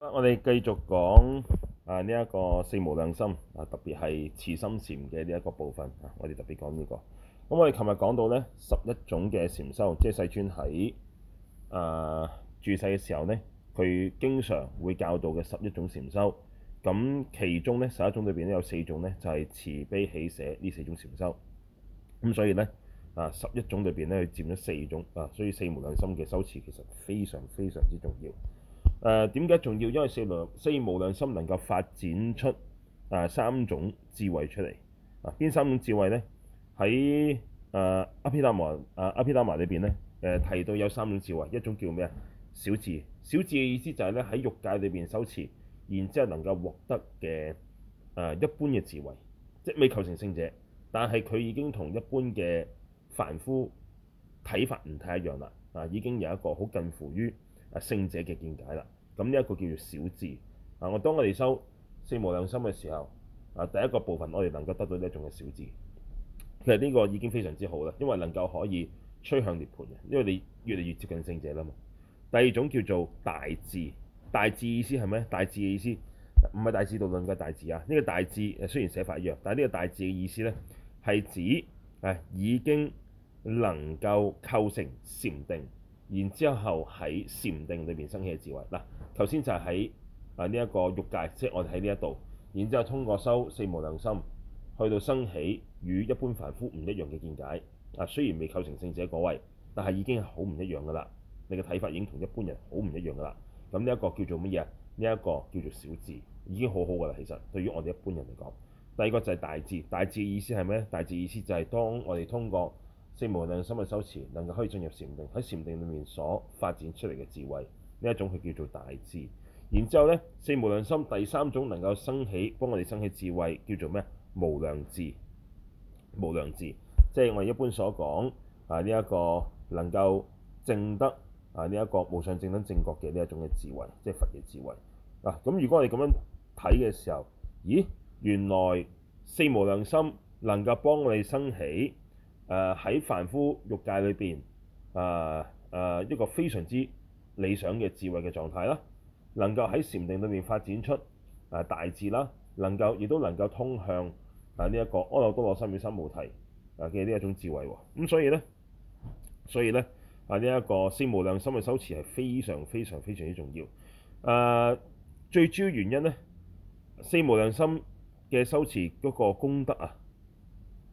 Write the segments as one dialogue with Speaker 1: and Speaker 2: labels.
Speaker 1: 我哋繼續講啊呢一個四無量心啊、呃，特別係慈心禪嘅呢一個部分啊、呃，我哋特別講呢、這個。咁、呃、我哋琴日講到呢十一種嘅禪修，即係世尊喺啊住世嘅時候呢，佢經常會教導嘅十一種禪修。咁其中呢十一種裏邊呢有四種呢，就係、是、慈悲喜捨呢四種禪修。咁所以呢，啊、呃、十一種裏邊佢佔咗四種啊、呃，所以四無量心嘅修持其實非常非常之重要。誒點解重要？因為四娘四無量心能夠發展出誒三種智慧出嚟。啊，邊三種智慧咧？喺誒阿毗達摩誒阿毗達摩裏邊咧，誒提到有三種智慧，一種叫咩啊？小智。小智嘅意思就係咧喺欲界裏邊修持，然之後能夠獲得嘅誒一般嘅智慧，即未求成聖者，但係佢已經同一般嘅凡夫睇法唔太一樣啦。啊，已經有一個好近乎於啊聖者嘅見解啦。咁呢一個叫做小智。啊！我當我哋修四無量心嘅時候，啊，第一個部分我哋能夠得到呢一種嘅小智。其實呢個已經非常之好啦，因為能夠可以趨向涅槃嘅，因為你越嚟越接近聖者啦嘛。第二種叫做大智。大智意思係咩？大智，大智嘅意思唔係大智度論嘅大智啊，呢個大智誒雖然寫法一樣，但係呢個大智嘅意思呢，係指係已經能夠構成禪定。然之後喺禪定裏面生起嘅智慧，嗱頭先就係喺啊呢一個欲界，即係我哋喺呢一度，然之後通過修四無量心，去到生起與一般凡夫唔一樣嘅見解，啊雖然未構成聖者果位，但係已經好唔一樣噶啦，你嘅睇法已經同一般人好唔一樣噶啦。咁呢一個叫做乜嘢？呢一個叫做小智，已經好好噶啦。其實對於我哋一般人嚟講，第二個就係大智，大智嘅意思係咩？大智意思就係當我哋通過。四無量心嘅修持，能夠可以進入禪定，喺禪定裏面所發展出嚟嘅智慧，呢一種佢叫做大智。然之後呢，四無量心第三種能夠生起，幫我哋生起智慧，叫做咩啊？無量智，無量智，即係我哋一般所講啊呢一個能夠正得啊呢一個無上正等正覺嘅呢一種嘅智慧，即係佛嘅智慧。嗱、啊，咁如果我哋咁樣睇嘅時候，咦，原來四無量心能夠幫我哋生起。誒喺凡夫欲界裏邊，誒、呃、誒、呃、一個非常之理想嘅智慧嘅狀態啦，能夠喺禪定裏面發展出誒大智啦，能夠亦都能夠通向誒呢一個阿耨多羅三藐三菩提誒嘅呢一種智慧。咁所以咧，所以咧啊呢一個、呃、四無量心嘅修持係非常非常非常之重要。誒、呃、最主要原因咧，四無量心嘅修持嗰個功德啊。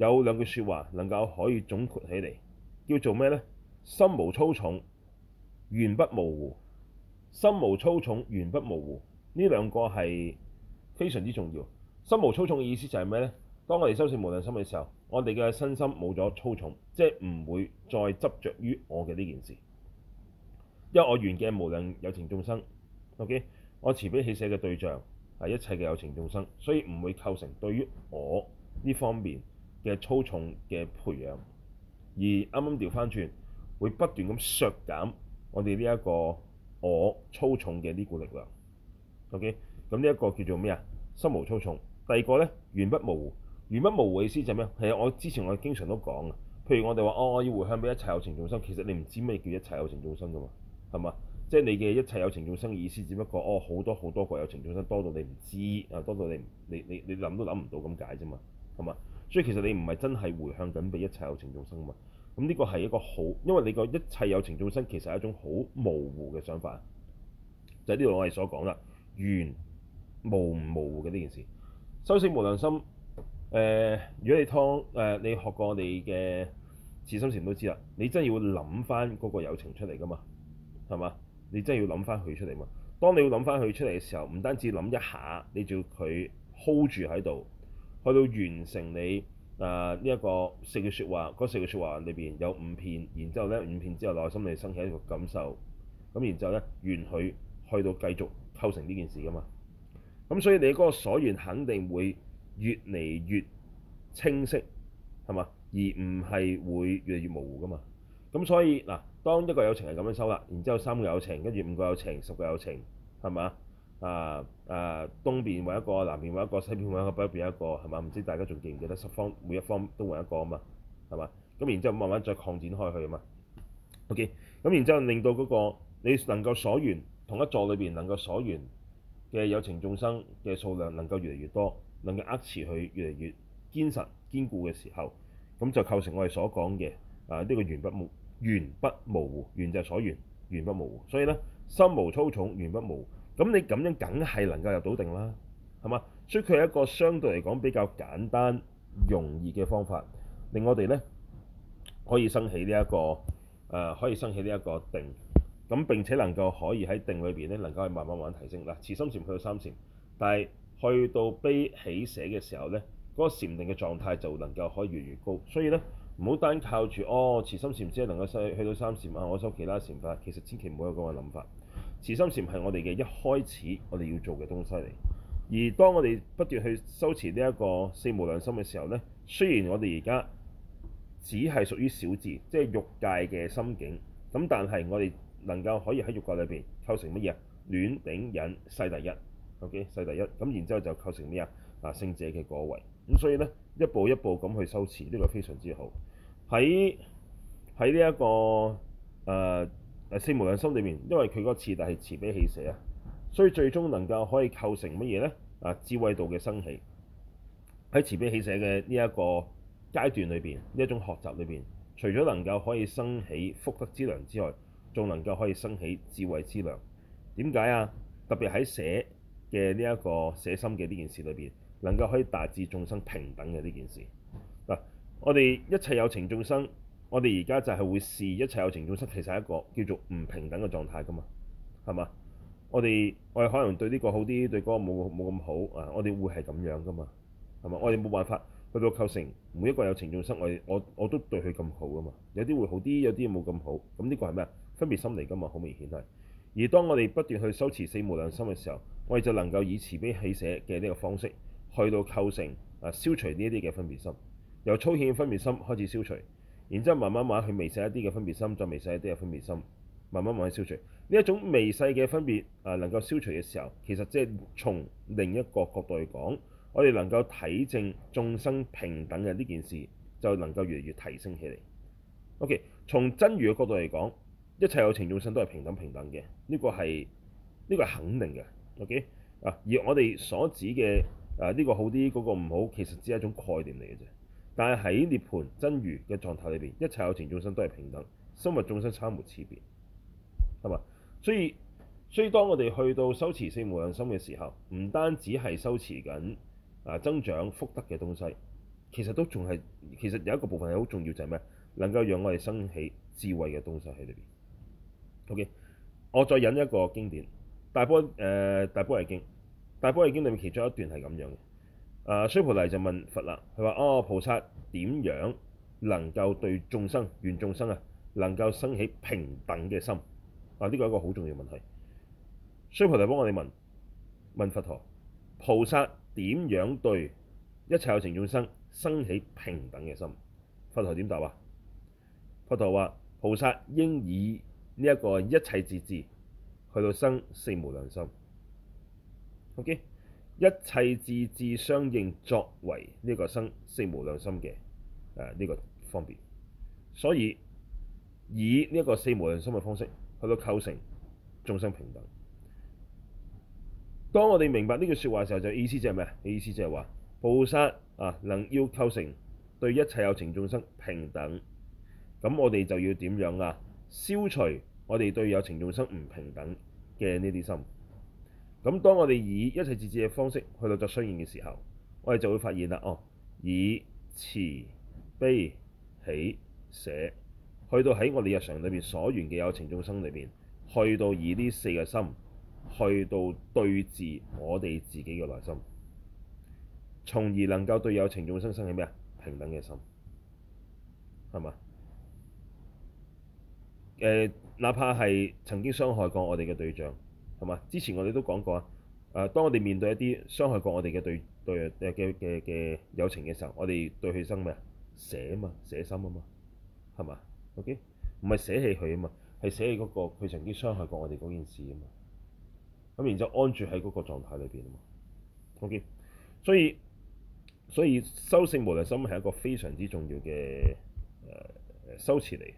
Speaker 1: 有兩句説話能夠可以總括起嚟，叫做咩呢？「心無粗重，緣不模糊。心無粗重，緣不模糊。呢兩個係非常之重要。心無粗重嘅意思就係咩呢？當我哋修捨無量心嘅時候，我哋嘅身心冇咗粗重，即係唔會再執着於我嘅呢件事，因為我緣嘅無量有情眾生。OK，我慈悲喜捨嘅對象係一切嘅有情眾生，所以唔會構成對於我呢方面嘅粗重嘅培養，而啱啱調翻轉，會不斷咁削減我哋呢一個我粗重嘅呢股力量。OK，咁呢一個叫做咩啊？心無粗重。第二個呢，「緣不模糊。緣不模糊意思就咩啊？我之前我經常都講啊，譬如我哋話哦，我要回向俾一切有情眾生，其實你唔知咩叫一切有情眾生噶嘛。」係嘛？即係你嘅一切有情眾生意思只不過哦好多好多個有情眾生，多到你唔知啊，多到你多到你你你諗都諗唔到咁解啫嘛，係嘛？所以其實你唔係真係回向緊俾一切有情眾生嘛？咁呢個係一個好，因為你個一切有情眾生其實係一種好模糊嘅想法，就係呢度我哋所講啦。完，模唔模糊嘅呢件事？修四無量心，誒、呃，如果你劏你學過我哋嘅慈心禪都知啦，你真係要諗翻嗰個友情出嚟噶嘛？係嘛？你真係要諗翻佢出嚟嘛？當你要諗翻佢出嚟嘅時候，唔單止諗一下，你就要佢 hold 住喺度。去到完成你啊呢一個四句説話，嗰四句説話裏邊有五片，然之後呢，五片之後內心你升起一個感受，咁然之後呢，願許去，去到繼續構成呢件事噶嘛，咁所以你嗰個所願肯定會越嚟越清晰，係嘛？而唔係會越嚟越模糊噶嘛。咁所以嗱、啊，當一個有情係咁樣修啦，然之後三個有情，跟住五個有情，十個有情，係嘛？啊！誒東邊揾一個，南邊揾一個，西邊揾一個，北邊揾一個係嘛？唔知大家仲記唔記得十方每一方都揾一個啊嘛？係嘛？咁然之後慢慢再擴展開去啊嘛。OK，咁然之後令到嗰、那個你能夠所緣同一座裏邊能夠所緣嘅有情眾生嘅數量能夠越嚟越多，能夠扼持佢越嚟越堅實堅固嘅時候，咁就構成我哋所講嘅啊呢、這個緣不模緣不模糊，緣就係所緣，緣不模糊。所以咧，心無粗重，緣不模糊。咁你咁樣梗係能夠入到定啦，係嘛？所以佢係一個相對嚟講比較簡單、容易嘅方法，令我哋呢可以生起呢一個誒，可以生起呢一個呃一個定，咁並且能夠可以喺定裏邊呢能夠慢慢慢慢提升嗱，慈心禪去到三禪，但係去到悲喜捨嘅時候呢，嗰、那個禪定嘅狀態就能夠可以越越高。所以呢，唔好單靠住哦，慈心禪，只係能夠去去到三禪嘛，我修其他禪法，其實千祈唔好有咁嘅諗法。慈心禪係我哋嘅一開始，我哋要做嘅東西嚟。而當我哋不斷去修持呢一個四無量心嘅時候呢，雖然我哋而家只係屬於小智，即係欲界嘅心境，咁但係我哋能夠可以喺欲界裏邊構成乜嘢啊？暖頂忍世第一，OK 世第一，咁然之後就構成咩啊？啊聖者嘅果位。咁所以呢，一步一步咁去修持，呢、呢個非常之好。喺喺呢一個誒。呃誒四無量心裏面，因為佢嗰個次就係慈悲喜捨啊，所以最終能夠可以構成乜嘢呢？啊智慧度嘅生起。喺慈悲喜捨嘅呢一個階段裏邊，呢一種學習裏邊，除咗能夠可以生起福德之量之外，仲能夠可以生起智慧之量。點解啊？特別喺捨嘅呢一個捨心嘅呢件事裏邊，能夠可以達至眾生平等嘅呢件事。我哋一切有情眾生。我哋而家就係會試一切有情眾生，其實係一個叫做唔平等嘅狀態㗎嘛，係嘛？我哋我哋可能對呢個好啲，對嗰個冇冇咁好啊！我哋會係咁樣㗎嘛，係嘛？我哋冇辦法去到構成每一個有情眾生，我我我都對佢咁好㗎嘛。有啲會好啲，有啲冇咁好。咁呢個係咩分別心嚟㗎嘛？好明顯係。而當我哋不斷去修持四無量心嘅時候，我哋就能夠以慈悲喜捨嘅呢個方式去到構成啊消除呢一啲嘅分別心，由粗顯分別心開始消除。然之後慢慢慢去微細一啲嘅分別心，再微細一啲嘅分別心，慢慢慢去消除呢一種微細嘅分別啊，能夠消除嘅時候，其實即係從另一個角度嚟講，我哋能夠體證眾生平等嘅呢件事，就能夠越嚟越提升起嚟。OK，從真如嘅角度嚟講，一切有情眾生都係平等平等嘅，呢個係呢個係肯定嘅。OK 啊，而我哋所指嘅啊呢個好啲，嗰個唔好，其實只係一種概念嚟嘅啫。但係喺涅槃真如嘅狀態裏邊，一切有情眾生都係平等，生物眾生差無此別，係嘛？所以所以當我哋去到修持四無量心嘅時候，唔單止係修持緊啊增長福德嘅東西，其實都仲係其實有一個部分係好重要，就係咩？能夠讓我哋生起智慧嘅東西喺裏邊。OK，我再引一個經典，大波呃《大波誒大波羅經》，《大波羅經》裏面其中一段係咁樣嘅。啊！須菩提就問佛啦，佢話：哦，菩薩點樣能夠對眾生、怨眾生啊，能夠生起平等嘅心？啊、哦，呢個係一個好重要問題。須菩提幫我哋問問佛陀：菩薩點樣對一切有情眾生生起平等嘅心？佛陀點答呀？佛陀話：菩薩應以呢一個一切智智，去到生四無量心。OK。一切自自相應，作為呢個心四無量心嘅誒呢個方便，所以以呢一個四無量心嘅方式去到構成眾生平等。當我哋明白呢句説話嘅時候，就意思就係咩？意思就係話菩薩啊，能要構成對一切有情眾生平等，咁我哋就要點樣啊？消除我哋對有情眾生唔平等嘅呢啲心。咁當我哋以一齊自照嘅方式去到作雙現嘅時候，我哋就會發現啦，哦，以慈悲喜捨去到喺我哋日常裏邊所緣嘅有情眾生裏邊，去到以呢四個心去到對治我哋自己嘅內心，從而能夠對有情眾生生起咩啊，平等嘅心，係嘛？呃，哪怕係曾經傷害過我哋嘅對象。同埋之前我哋都講過啊，誒，當我哋面對一啲傷害過我哋嘅，對對誒嘅嘅嘅友情嘅時候，我哋對佢生咩啊？捨啊嘛，捨心啊嘛，係嘛？OK，唔係捨棄佢啊嘛，係捨棄嗰個佢曾經傷害過我哋嗰件事啊嘛。咁然之後安住喺嗰個狀態裏邊啊嘛，OK。所、所以所以修性無量心係一個非常之重要嘅誒、呃、修持嚟。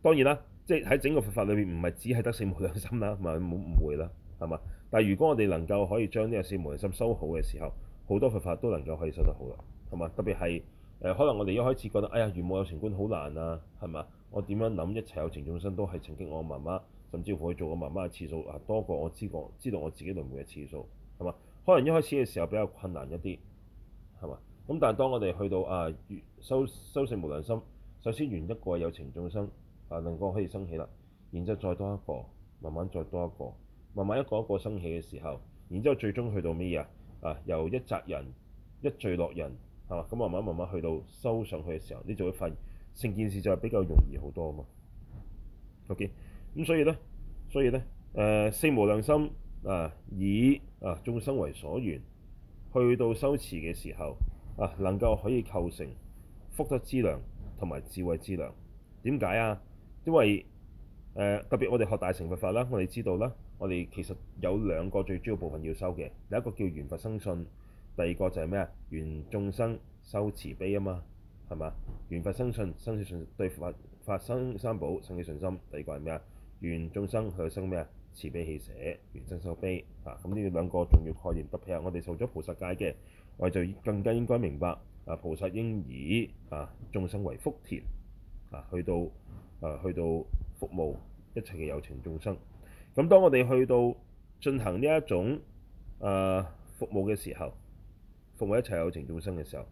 Speaker 1: 當然啦。即係喺整個佛法裏面，唔係只係得四無量心啦，係咪？冇誤會啦，係嘛？但係如果我哋能夠可以將呢個四無量心修好嘅時候，好多佛法都能夠可以修得好啦，係嘛？特別係誒、呃，可能我哋一開始覺得，哎呀，如母有情觀好難啊，係嘛？我點樣諗一切有情眾生都係曾經我媽媽，甚至乎佢做我媽媽嘅次數啊，多過我知我知道我自己輪迴嘅次數，係嘛？可能一開始嘅時候比較困難一啲，係嘛？咁但係當我哋去到啊，越修四無量心，首先圓一個有情眾生。啊，能夠可以升起啦，然之後再多一個，慢慢再多一個，慢慢一個一個升起嘅時候，然之後最終去到咩嘢啊？啊，由一紮人一聚落人，係嘛，咁、啊、慢慢慢慢去到收上去嘅時候，你就會發現成件事就係比較容易好多啊。OK，咁、嗯、所以呢，所以呢，誒、呃、四無量心啊，以啊眾生為所願，去到修持嘅時候啊，能夠可以構成福德之量同埋智慧之量。點解啊？因為誒、呃、特別我哋學大乘佛法啦，我哋知道啦，我哋其實有兩個最主要部分要修嘅，第一個叫原佛生信，第二個就係咩啊？原眾生修慈悲啊嘛，係嘛？原佛生信，生起信對法法生三寶生起信心，第二個係咩啊？原眾生去生咩啊？慈悲喜捨，原生修悲啊！咁呢兩個重要概念，特別係我哋受咗菩薩戒嘅，我哋就更加應該明白啊！菩薩應以啊眾生為福田啊，去到。啊，去到服務一切嘅有情眾生，咁當我哋去到進行呢一種啊、呃、服務嘅時候，服務一切有情眾生嘅時候，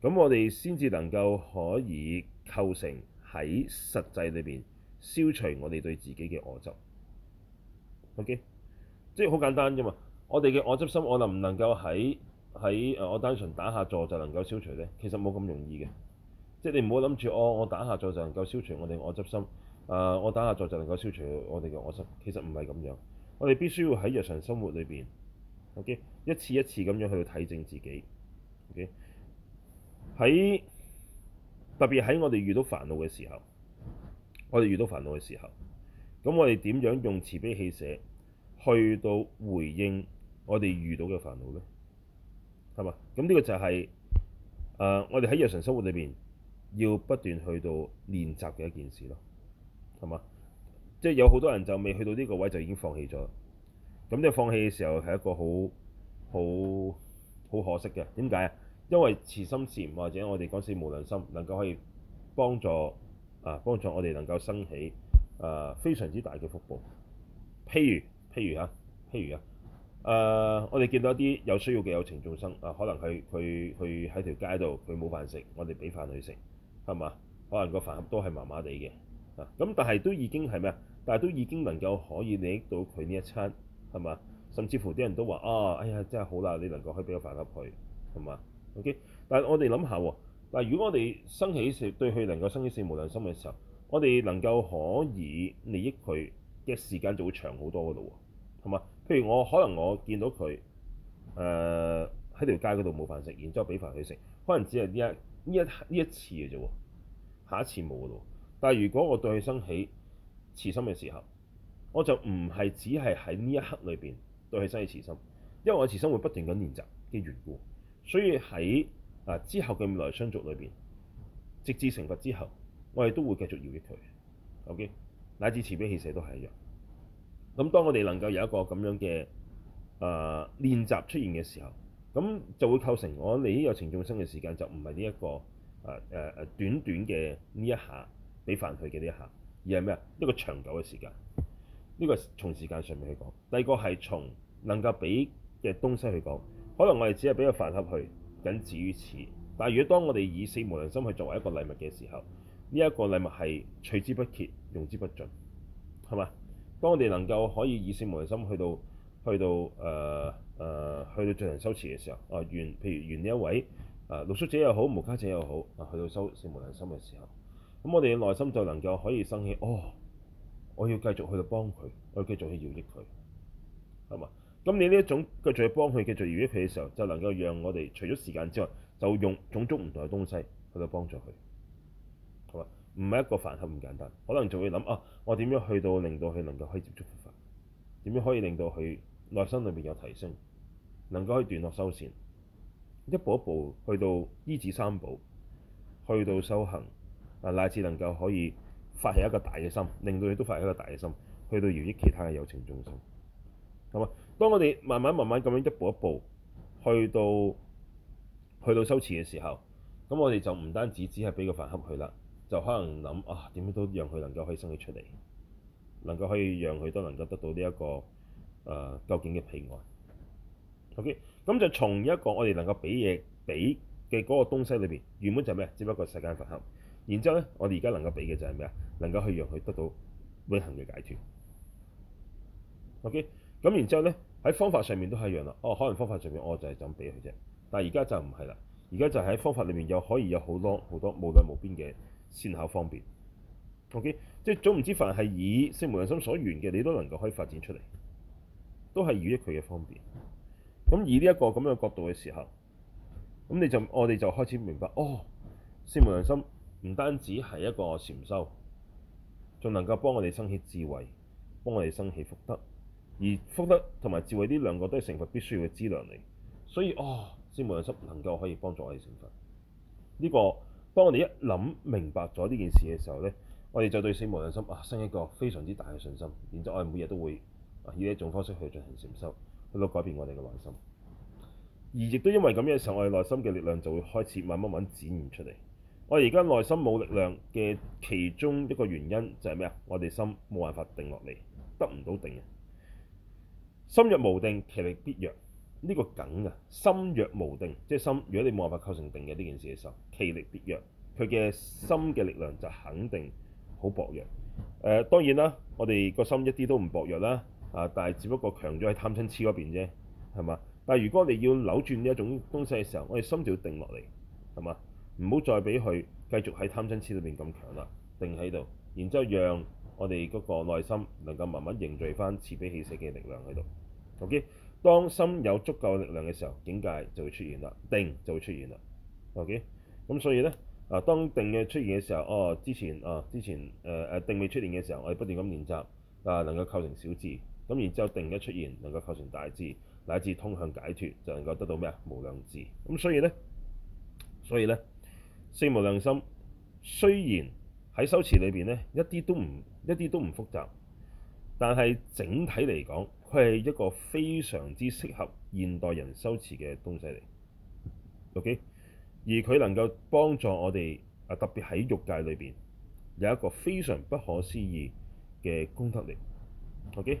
Speaker 1: 咁我哋先至能夠可以構成喺實際裏邊消除我哋對自己嘅惡執。OK，即係好簡單啫嘛。我哋嘅惡執心，我能唔能夠喺喺我單純打下坐，就能夠消除呢？其實冇咁容易嘅。即係你唔好諗住，我我打下坐就能夠消除我哋我執心。啊，我打下坐就能夠消除我哋嘅、呃、我執，其實唔係咁樣。我哋必須要喺日常生活裏邊，OK，一次一次咁樣去睇正自己。OK，喺特別喺我哋遇到煩惱嘅時候，我哋遇到煩惱嘅時候，咁我哋點樣用慈悲喜捨去到回應我哋遇到嘅煩惱呢？係嘛？咁呢個就係、是、誒、呃、我哋喺日常生活裏邊。要不斷去到練習嘅一件事咯，係嘛？即係有好多人就未去到呢個位就已經放棄咗，咁你放棄嘅時候係一個好好好可惜嘅。點解啊？因為慈心禪或者我哋嗰四無量心能夠可以幫助啊幫助我哋能夠生起啊非常之大嘅福報。譬如譬如嚇、啊、譬如啊，誒我哋見到一啲有需要嘅有情眾生啊，可能佢佢佢喺條街度佢冇飯食，我哋俾飯佢食。係嘛？可能個飯盒都係麻麻地嘅，啊咁但係都已經係咩啊？但係都已經能夠可以利益到佢呢一餐，係嘛？甚至乎啲人都話啊，哎呀真係好啦，你能夠可以俾個飯盒佢，係嘛？OK，但係我哋諗下喎，嗱如果我哋生起慈對佢能夠生起慈無量心嘅時候，我哋能夠可以利益佢嘅時間就會長好多嘅咯喎，係嘛？譬如我可能我見到佢誒喺條街嗰度冇飯食，然之後俾飯佢食，可能只係呢一呢一呢一次嘅啫，下一次冇噶咯。但係如果我對佢生起慈心嘅時候，我就唔係只係喺呢一刻裏邊對佢生起慈心，因為我慈心會不斷咁練習嘅緣故，所以喺啊、呃、之後嘅未來相續裏邊，直至成佛之後，我哋都會繼續要益佢。O、OK? K，乃至慈悲喜捨都係一樣。咁當我哋能夠有一個咁樣嘅啊練習出現嘅時候，咁就會構成我哋呢個情眾生嘅時間，就唔係呢一個誒誒短短嘅呢一下俾飯佢嘅呢一下，而係咩啊？一個長久嘅時間。呢個從時間上面去講，第二個係從能夠俾嘅東西去講。可能我哋只係俾個飯盒去，僅止於此。但係如果當我哋以四無量心去作為一個禮物嘅時候，呢、這、一個禮物係取之不竭、用之不盡。係咪？當我哋能夠可以以四無量心去到去到誒。呃誒、呃、去到進行修持嘅時候，啊、呃、緣，譬如緣呢一位誒露宿者又好，無家者又好，啊去到修四無量心嘅時候，咁我哋嘅內心就能夠可以生起，哦，我要繼續去到幫佢，我要繼續去饒益佢，係嘛？咁你呢一種繼續去幫佢，繼續饒益佢嘅時候，就能夠讓我哋除咗時間之外，就用種種唔同嘅東西去到幫助佢，係嘛？唔係一個飯盒，唔簡單，可能就會諗啊，我點樣去到令到佢能夠可以接觸佛法，點樣可以令到佢內心裏面有提升？能夠可以斷惡修善，一步一步去到依止三寶，去到修行啊，乃至能夠可以發起一個大嘅心，令到佢都發起一個大嘅心，去到利益其他嘅有情眾生。咁啊，當我哋慢慢慢慢咁樣一步一步去到去到修慈嘅時候，咁我哋就唔單止只係俾個飯盒佢啦，就可能諗啊點樣都讓佢能夠可以生起出嚟，能夠可以讓佢都能夠得到呢、這、一個誒、呃、究竟嘅平安。O.K. 咁就從一個我哋能夠俾嘢俾嘅嗰個東西裏邊，原本就咩？只不過世間凡客。然之後咧，我哋而家能夠俾嘅就係咩啊？能夠去讓佢得到永恆嘅解脫。O.K. 咁然之後咧，喺方法上面都係一樣啦。哦，可能方法上面，我就係就咁俾佢啫。但而家就唔係啦。而家就喺方法裏面又可以有好多好多無量無邊嘅善巧方便。O.K. 即係總唔知凡係以聖無量心所願嘅，你都能夠可以發展出嚟，都係利益佢嘅方便。咁以呢一個咁樣嘅角度嘅時候，咁你就我哋就開始明白，哦，四無量心唔單止係一個禪修，仲能夠幫我哋生起智慧，幫我哋生起福德，而福德同埋智慧呢兩個都係成佛必須要嘅資糧嚟，所以哦，四無量心能夠可以幫助我哋成佛。呢個當我哋一諗明白咗呢件事嘅時候呢，我哋就對四無量心啊生一個非常之大嘅信心，然之後我哋每日都會啊以一種方式去進行禪修，去改變我哋嘅內心，而亦都因為咁樣嘅時候，我哋內心嘅力量就會開始慢慢慢慢展現出嚟。我哋而家內心冇力量嘅其中一個原因就係咩啊？我哋心冇辦法定落嚟，得唔到定。心若無定，其力必弱。呢、這個梗啊！心若無定，即係心，如果你冇辦法構成定嘅呢件事嘅時候，其力必弱。佢嘅心嘅力量就肯定好薄弱。誒、呃，當然啦，我哋個心一啲都唔薄弱啦。啊！但係只不過強咗喺貪嗔痴嗰邊啫，係嘛？但係如果我哋要扭轉呢一種東西嘅時候，我哋心就要定落嚟，係嘛？唔好再俾佢繼續喺貪嗔痴裏邊咁強啦，定喺度，然之後讓我哋嗰個內心能夠慢慢凝聚返慈悲喜捨嘅力量喺度。OK，當心有足夠力量嘅時候，境界就會出現啦，定就會出現啦。OK，咁所以呢，啊，當定嘅出現嘅時候，哦，之前哦，之前誒誒、呃、定未出現嘅時候，我哋不斷咁練習啊、呃，能夠構成小字。咁然之後，突然一出現，能夠構成大智，乃至通向解脫，就能夠得到咩啊？無量智。咁所以呢，所以呢，四無量心雖然喺修持裏邊呢，一啲都唔一啲都唔複雜，但係整體嚟講，佢係一個非常之適合現代人修持嘅東西嚟。OK，而佢能夠幫助我哋啊，特別喺欲界裏邊有一個非常不可思議嘅功德力。OK。